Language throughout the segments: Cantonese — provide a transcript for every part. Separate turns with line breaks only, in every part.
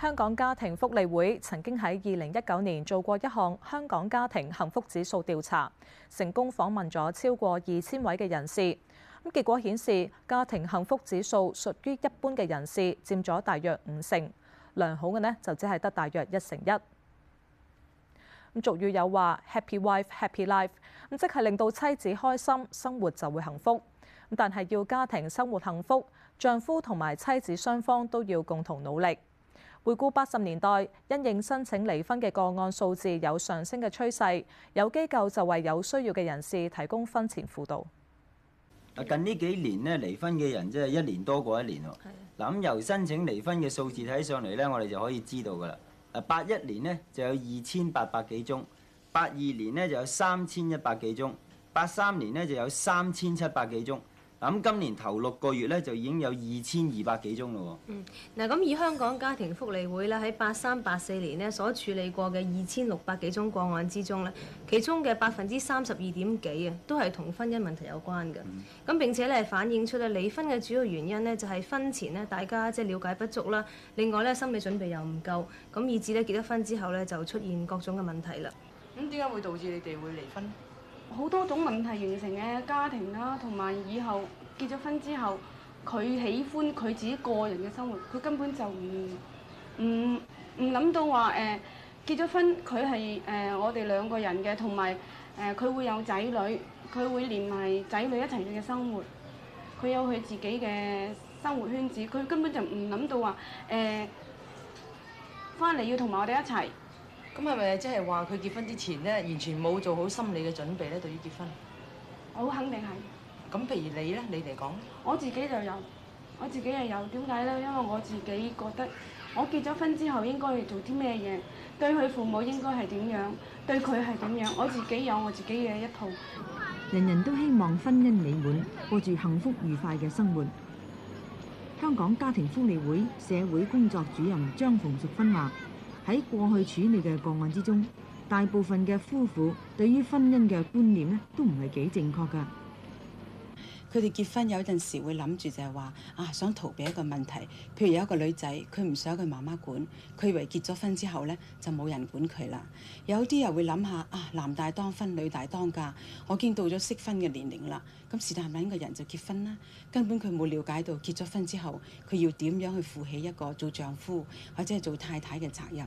香港家庭福利會曾經喺二零一九年做過一項香港家庭幸福指數調查，成功訪問咗超過二千位嘅人士。咁結果顯示，家庭幸福指數屬於一般嘅人士佔咗大約五成，良好嘅呢就只係得大約一成一。咁俗語有話：Happy wife, happy life。咁即係令到妻子開心，生活就會幸福。但係要家庭生活幸福，丈夫同埋妻子雙方都要共同努力。回顧八十年代，因應申請離婚嘅個案數字有上升嘅趨勢，有機構就為有需要嘅人士提供婚前輔導。
啊，近呢幾年咧離婚嘅人真係一年多過一年喎。嗱咁的由申請離婚嘅數字睇上嚟咧，我哋就可以知道㗎喇。八一年咧就有二千八百幾宗，八二年咧就有三千一百幾宗，八三年咧就有三千七百幾宗。咁今年頭六個月咧，就已經有二千二百幾宗啦喎。嗯，
嗱咁以香港家庭福利會咧，喺八三八四年咧所處理過嘅二千六百幾宗個案之中咧，其中嘅百分之三十二點幾啊，都係同婚姻問題有關嘅。咁並且咧反映出咧離婚嘅主要原因咧就係婚前咧大家即係了解不足啦，另外咧心理準備又唔夠，咁以至咧結咗婚之後咧就出現各種嘅問題啦。
咁點解會導致你哋會離婚？好多種問題形成嘅家庭啦，同埋以後結咗婚之後，佢喜歡佢自己個人嘅生活，佢根本就唔唔唔諗到話誒、呃、結咗婚佢係誒我哋兩個人嘅，同埋誒佢會有仔女，佢會連埋仔女一齊嘅生活，佢有佢自己嘅生活圈子，佢根本就唔諗到話誒翻嚟要同埋我哋一齊。
咁係咪即係話佢結婚之前呢，完全冇做好心理嘅準備呢？對於結婚，
我肯定係。
咁譬如你呢，你嚟講，
我自己就有，我自己又有點解呢？因為我自己覺得我結咗婚之後應該要做啲咩嘢，對佢父母應該係點樣，對佢係點樣，我自己有我自己嘅一套。
人人都希望婚姻美滿，過住幸福愉快嘅生活。香港家庭福利會社會工作主任張馮淑芬話。喺過去處理嘅個案之中，大部分嘅夫婦對於婚姻嘅觀念咧都唔係幾正確噶。佢哋結婚有陣時會諗住就係話啊，想逃避一個問題。譬如有一個女仔，佢唔想佢媽媽管，佢以為結咗婚之後咧就冇人管佢啦。有啲人會諗下啊，男大當婚，女大當嫁。我已經到咗適婚嘅年齡啦，咁是但係個人就結婚啦。根本佢冇了解到結咗婚之後，佢要點樣去負起一個做丈夫或者係做太太嘅責任。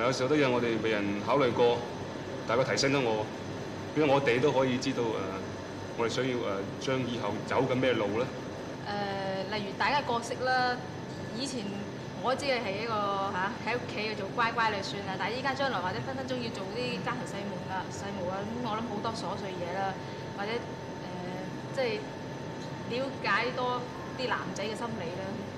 有時候都有我哋被人考慮過，大概提升咗我，因為我哋都可以知道誒，我哋想要誒將以後走緊咩路咧？誒、呃，例如大家角色啦，以前我知係一個嚇喺屋
企要做乖乖女算啦，但係依家將來或者分分鐘要做啲家頭細務啦、細務啊，咁我諗
好多瑣碎嘢啦，或者誒，即、呃、係、就是、了解多啲男仔嘅心理啦。